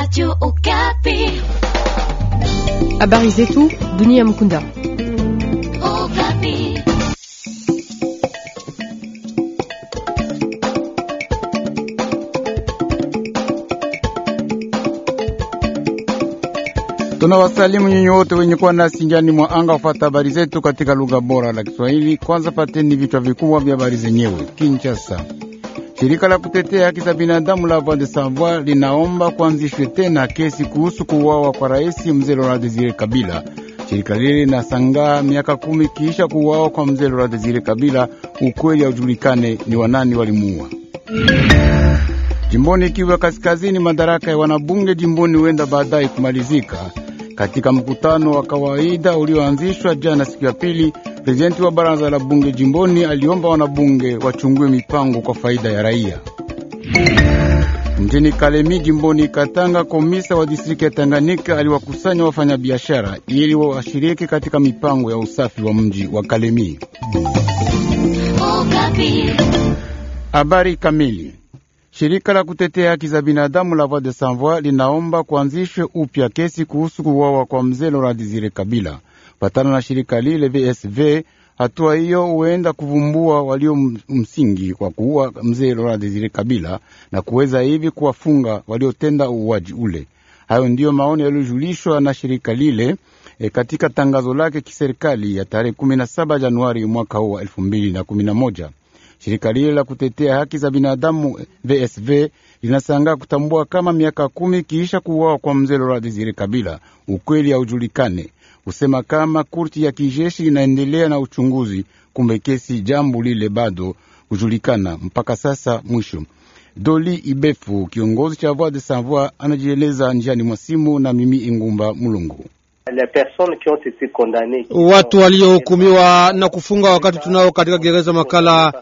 Radio Okapi. Habari zetu dunia mkunda. Okapi. wasalimu nyinyi wote wenye kuwa nasi njani mwa anga ufata habari zetu katika lugha bora la Kiswahili. Kwanza pateni vichwa vikubwa vya habari zenyewe. Kinshasa. Shirika la kutetea haki za binadamu la Voix de Savoir linaomba kuanzishwe tena kesi kuhusu kuuawa kwa rais mzee Laurent Desire Kabila. Shirika lile linasangaa miaka kumi kiisha kuuawa kwa mzee Laurent Desire Kabila, ukweli haujulikane ni wanani walimuua. Jimboni Kivu ya Kaskazini, madaraka ya wanabunge jimboni huenda baadaye kumalizika. Katika mkutano wa kawaida ulioanzishwa jana siku ya pili, prezidenti wa baraza la bunge jimboni aliomba wanabunge wachungue mipango kwa faida ya raia. Mjini Kalemi jimboni Katanga, komisa wa distriki ya Tanganyika aliwakusanya wafanyabiashara ili washiriki katika mipango ya usafi wa mji wa Kalemi. Oh, Habari kamili Shirika la kutetea haki za binadamu la Voix des Sans Voix linaomba kuanzishwe upya kesi kuhusu kuuawa kwa mzee Laurent Desire Kabila. Patana na shirika lile VSV, hatua hiyo huenda kuvumbua walio msingi kwa kuua mzee Laurent Desire Kabila na kuweza hivi kuwafunga waliotenda uuaji ule. Hayo ndiyo maoni yaliyojulishwa na shirika lile e, katika tangazo lake kiserikali ya tarehe 17 Januari mwaka huu wa 2011. Shirika lile la kutetea haki za binadamu VSV linasanga kutambua kama miaka kumi kiisha kuuawa kwa mzee Laurent Desire Kabila ukweli haujulikane, kusema kama kurti ya kijeshi inaendelea na uchunguzi, kumbe kesi jambo lile bado kujulikana mpaka sasa. Mwisho, Doli Ibefu, kiongozi cha Voix de Sans Voix, anajieleza njiani mwa simu na mimi Ingumba Mulungu. Watu waliohukumiwa na kufunga wakati tunao katika gereza makala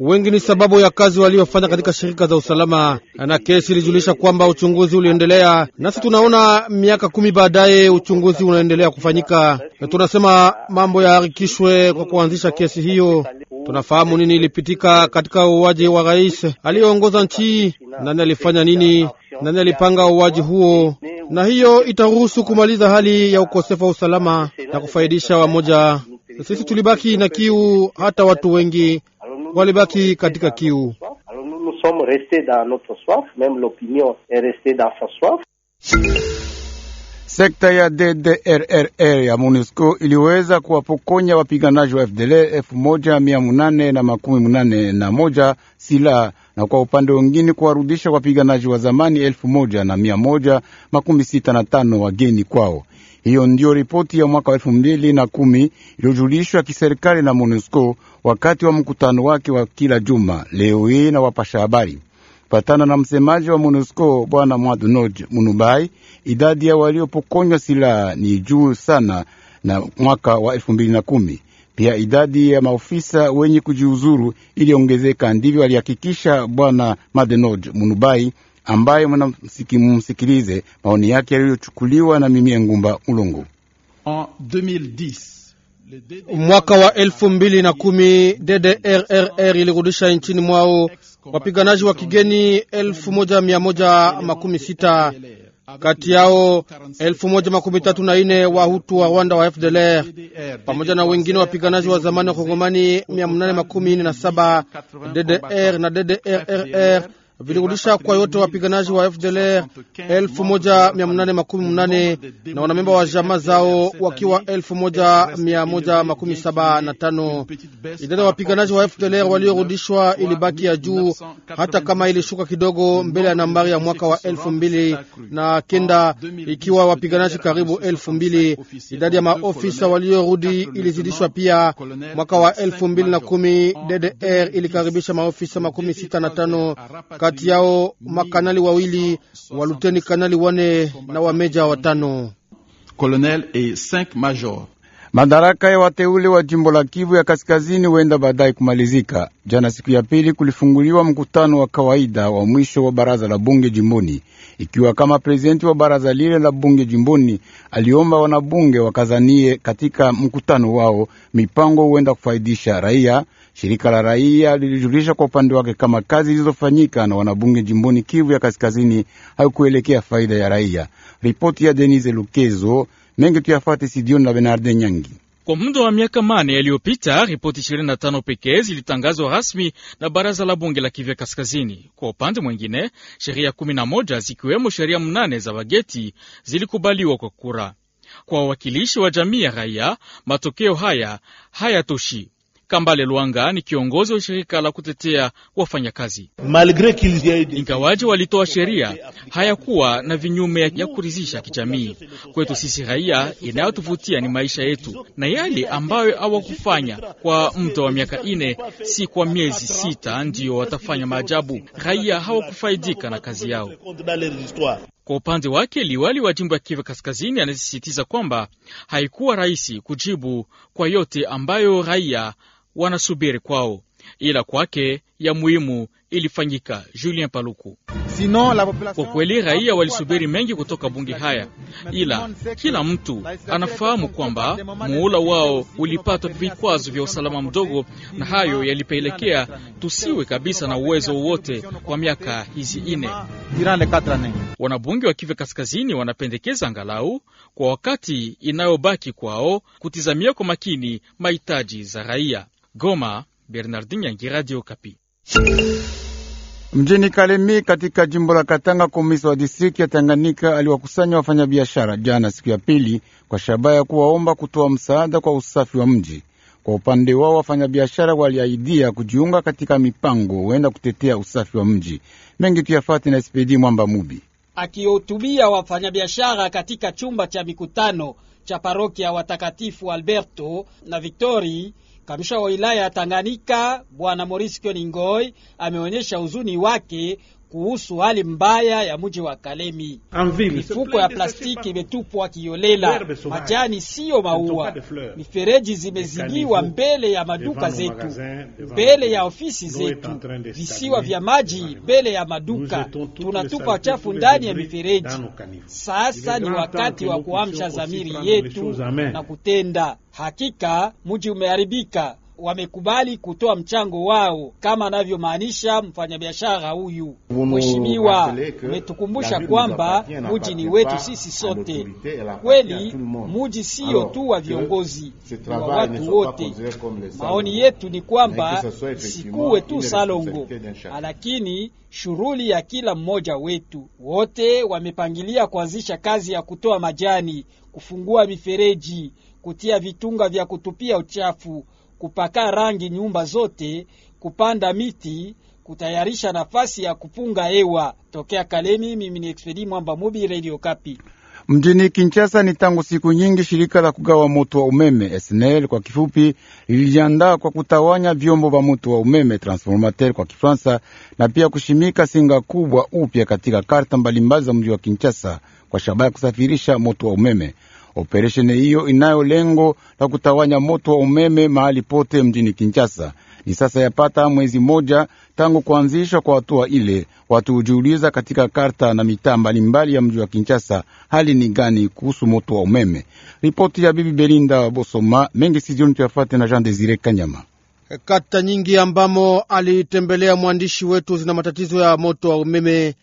wengi ni sababu ya kazi waliofanya katika shirika za usalama, na kesi ilijulisha kwamba uchunguzi uliendelea, nasi tunaona miaka kumi baadaye uchunguzi unaendelea kufanyika. Tunasema mambo yaharikishwe kwa kuanzisha kesi hiyo. Tunafahamu nini ilipitika katika uwaji wa rais aliyeongoza nchi, nani alifanya nini, nani alipanga uwaji huo, na hiyo itaruhusu kumaliza hali ya ukosefu wa usalama na kufaidisha wamoja. Sisi tulibaki na kiu, hata watu wengi walibaki katika kiu. Sekta ya DDRRR ya MONUSCO iliweza kuwapokonya wapiganaji wa FDL elfu moja mia munane na makumi munane na moja silaha na kwa upande wengine kuwarudisha wapiganaji wa zamani elfu moja na mia moja makumi sita na tano wageni kwao. Hiyo ndiyo ripoti ya mwaka wa elfu mbili na kumi iliyojulishwa kiserikali na MONUSCO wakati wa mkutano wake wa kila juma leo hii na wapasha habari patana na msemaji wa MONUSCO bwana Mwadunoj Munubai, idadi ya waliopokonywa silaha ni juu sana na mwaka wa elfu mbili na kumi. Pia idadi ya maofisa wenye kujiuzuru iliongezeka, ndivyo alihakikisha bwana Madenoj Munubai ambaye mnamsikilize maoni yake yaliyochukuliwa na Mimie Ngumba Ulungu. Mwaka wa elfu mbili na kumi DDRRR ilirudisha nchini mwao wapiganaji wa kigeni elfu moja mia moja makumi sita kati yao elfu moja makumi tatu na ine Hutu wa Rwanda wa FDLR pamoja na wengine wapiganaji wa zamani wa Kongomani mia mnane makumi ine na saba DDR na DDRRR vilirudisha kwa yote wapiganaji wa FDLR 1818 na wanamemba wa jama zao wakiwa 1175. Idadi ya wapiganaji wa FDLR waliorudishwa ilibaki ya juu, hata kama ilishuka kidogo mbele ya nambari ya mwaka wa kenda, ikiwa wapiganaji karibu 2000. Idadi ya maofisa waliorudi ilizidishwa pia. Mwaka wa 2010 DDR ilikaribisha maofisa makumi sita na tano kati yao makanali wawili, luteni kanali wane na wameja watano, colonel e cinq major. Madaraka ya wateule wa jimbo la Kivu ya kaskazini huenda baadaye kumalizika. Jana siku ya pili kulifunguliwa mkutano wa kawaida wa mwisho wa baraza la bunge jimboni, ikiwa kama prezidenti wa baraza lile la bunge jimboni aliomba wanabunge wakazanie katika mkutano wao mipango huenda kufaidisha raia Shirika la raia lilijulisha kwa upande wake kama kazi zilizofanyika na wanabunge jimboni Kivu ya kaskazini haikuelekea faida ya raia. Ripoti ya Denise Lukezo mengi tuyafate Sidioni na Benarde Nyangi. Kwa muda wa miaka mane yaliyopita ripoti 25 pekee zilitangazwa rasmi na baraza la bunge la Kivya Kaskazini. Kwa upande mwingine, sheria 11 zikiwemo sheria mnane za bageti zilikubaliwa kwa kura. Kwa wawakilishi wa jamii ya raia, matokeo haya hayatoshi. Kambale Lwanga ni kiongozi wa shirika la kutetea wafanyakazi. Ingawaji walitoa sheria, hayakuwa na vinyume ya kuridhisha kijamii. Kwetu sisi raia, inayotuvutia ni maisha yetu, na yale ambayo hawakufanya kwa muda wa miaka ine, si kwa miezi sita ndiyo watafanya maajabu. Raia hawakufaidika na kazi yao. Kwa upande wake liwali wa jimbo ya Kivu Kaskazini anasisitiza kwamba haikuwa rahisi kujibu kwa yote ambayo raia wanasubiri kwao, ila kwake ya muhimu ilifanyika. Julien Paluku: kwa kweli raia walisubiri mengi kutoka bunge haya, ila kila mtu anafahamu kwamba muhula wao ulipatwa vikwazo vya usalama mdogo, na hayo yalipelekea tusiwe kabisa na uwezo wowote kwa miaka hizi ine. Wanabunge wa Kivu Kaskazini wanapendekeza angalau kwa wakati inayobaki kwao kutizamia kwa makini mahitaji za raia. Goma, Bernardin Yangi, Radio Kapi. Mjini Kalemi katika jimbo la Katanga, komisa wa distrikti ya Tanganyika aliwakusanya wafanyabiashara jana, siku ya pili, kwa shabaha ya kuwaomba kutoa msaada kwa usafi wa mji. Kwa upande wao, wafanyabiashara waliahidia kujiunga katika mipango huenda kutetea usafi wa mji. Mengi tuyafati na SPD Mwamba Mubi akihutubia wafanyabiashara katika chumba cha mikutano cha parokia watakatifu Alberto na Victori kamisha wa wilaya ya Tanganyika Bwana Maurice Kioningoi ameonyesha huzuni wake kuhusu hali mbaya ya mji wa Kalemi. Mifuko ya plastiki imetupwa kiolela, majani siyo maua, mifereji zimezibiwa mbele ya maduka zetu, mbele ya ofisi zetu, visiwa vya maji mbele ya maduka. Tunatupa chafu ndani ya mifereji. Sasa ni wakati wa kuamsha zamiri yetu na kutenda. Hakika mji umeharibika wamekubali kutoa mchango wao kama anavyomaanisha mfanyabiashara huyu. Mheshimiwa, umetukumbusha kwamba muji ni wetu sisi sote. Kweli muji siyo tu wa viongozi, wa watu wote. Maoni yetu ni kwamba sikuwe tu Salongo, lakini shughuli ya kila mmoja wetu. Wote wamepangilia kuanzisha kazi ya kutoa majani, kufungua mifereji, kutia vitunga vya kutupia uchafu kupaka rangi nyumba zote, kupanda miti, kutayarisha nafasi ya kupunga hewa. Tokea Kalemi, mimi ni Expedi Mwamba Mubi, Radio Kapi. Mjini Kinshasa ni tangu siku nyingi shirika la kugawa moto wa umeme SNEL kwa kifupi lilijiandaa kwa kutawanya vyombo vya moto wa umeme transformateur kwa Kifransa, na pia kushimika singa kubwa upya katika karta mbalimbali za mji wa Kinshasa kwa shabaha ya kusafirisha moto wa umeme. Operesheni hiyo inayo lengo la kutawanya moto wa umeme mahali pote mjini Kinshasa. Ni sasa yapata mwezi moja tangu kuanzishwa kwa hatua ile. Watu hujiuliza katika karta na mitaa mbalimbali ya mji wa Kinshasa, hali ni gani kuhusu moto wa umeme? Ripoti ya bibi Belinda Bosoma mengi sijioni tuyafate na Jean Desire Kanyama. Kata nyingi ambamo alitembelea mwandishi wetu zina matatizo ya moto wa umeme,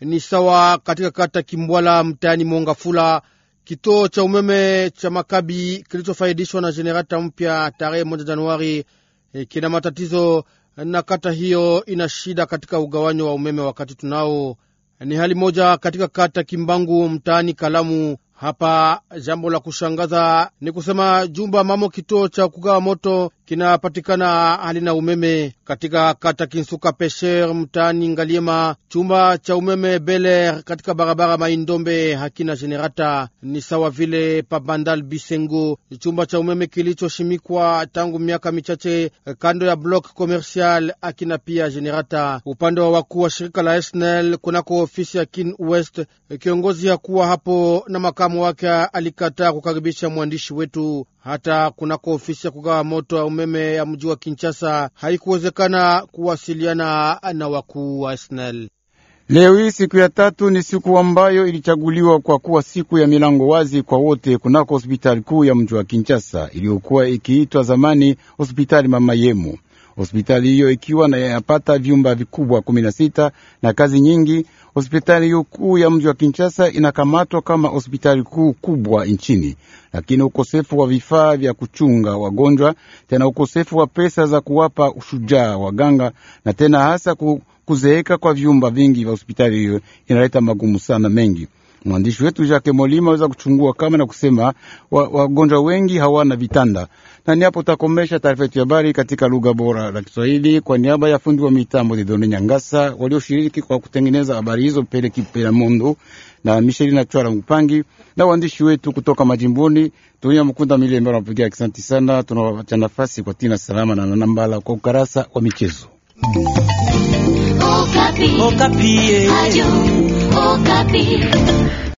ni sawa katika kata Kimbwala mtaani Mongafula Kituo cha umeme cha Makabi kilichofaidishwa na jenerata mpya tarehe moja Januari e, kina matatizo na kata hiyo ina shida katika ugawanyo wa umeme wakati tunao. Ni hali moja katika kata Kimbangu mtaani Kalamu. Hapa jambo la kushangaza ni kusema jumba mamo kituo cha kugawa moto kinapatikana halina umeme katika kata Kinsuka Pesher mtaani Ngaliema. Chumba cha umeme Beler katika barabara Maindombe hakina jenerata, ni sawa vile Pabandal Bisengo, chumba cha umeme kilichoshimikwa tangu miaka michache kando ya blok commercial hakina pia jenerata. Upande wa wakuu wa shirika la SNEL kunako ofisi ya Kin West, kiongozi hakuwa hapo na makamu wake alikataa kukaribisha mwandishi wetu hata kunako ofisi ya kugawa moto ya umeme ya mji wa Kinshasa haikuwezekana kuwasiliana na wakuu wa SNEL. Leo hii siku ya tatu ni siku ambayo ilichaguliwa kwa kuwa siku ya milango wazi kwa wote kunako hospitali kuu ya mji wa Kinshasa iliyokuwa ikiitwa zamani hospitali Mama Yemo. Hospitali hiyo ikiwa na yapata vyumba vikubwa kumi na sita na kazi nyingi. Hospitali hiyo kuu ya mji wa Kinshasa inakamatwa kama hospitali kuu kubwa nchini, lakini ukosefu wa vifaa vya kuchunga wagonjwa, tena ukosefu wa pesa za kuwapa ushujaa waganga, na tena hasa kuzeeka kwa vyumba vingi vya hospitali hiyo inaleta magumu sana mengi Mwandishi wetu Jake Molima aweza kuchungua kama na kusema wagonjwa wa wengi hawana vitanda, na ni hapo taarifa yetu ya habari katika lugha bora la Kiswahili kwa niaba ya fundi wa mitambo Didone Nyangasa walioshiriki kwa kutengeneza habari hizo Pele Kipela Mundu na Misheli na Chwala Mpangi na waandishi wetu kutoka majimboni Tunia Mkunda Milemba anapigia asante sana. Tunawapatia nafasi kwa Tina Salama na Nanambala kwa ukarasa wa michezo Okapi. Okapi. Eh.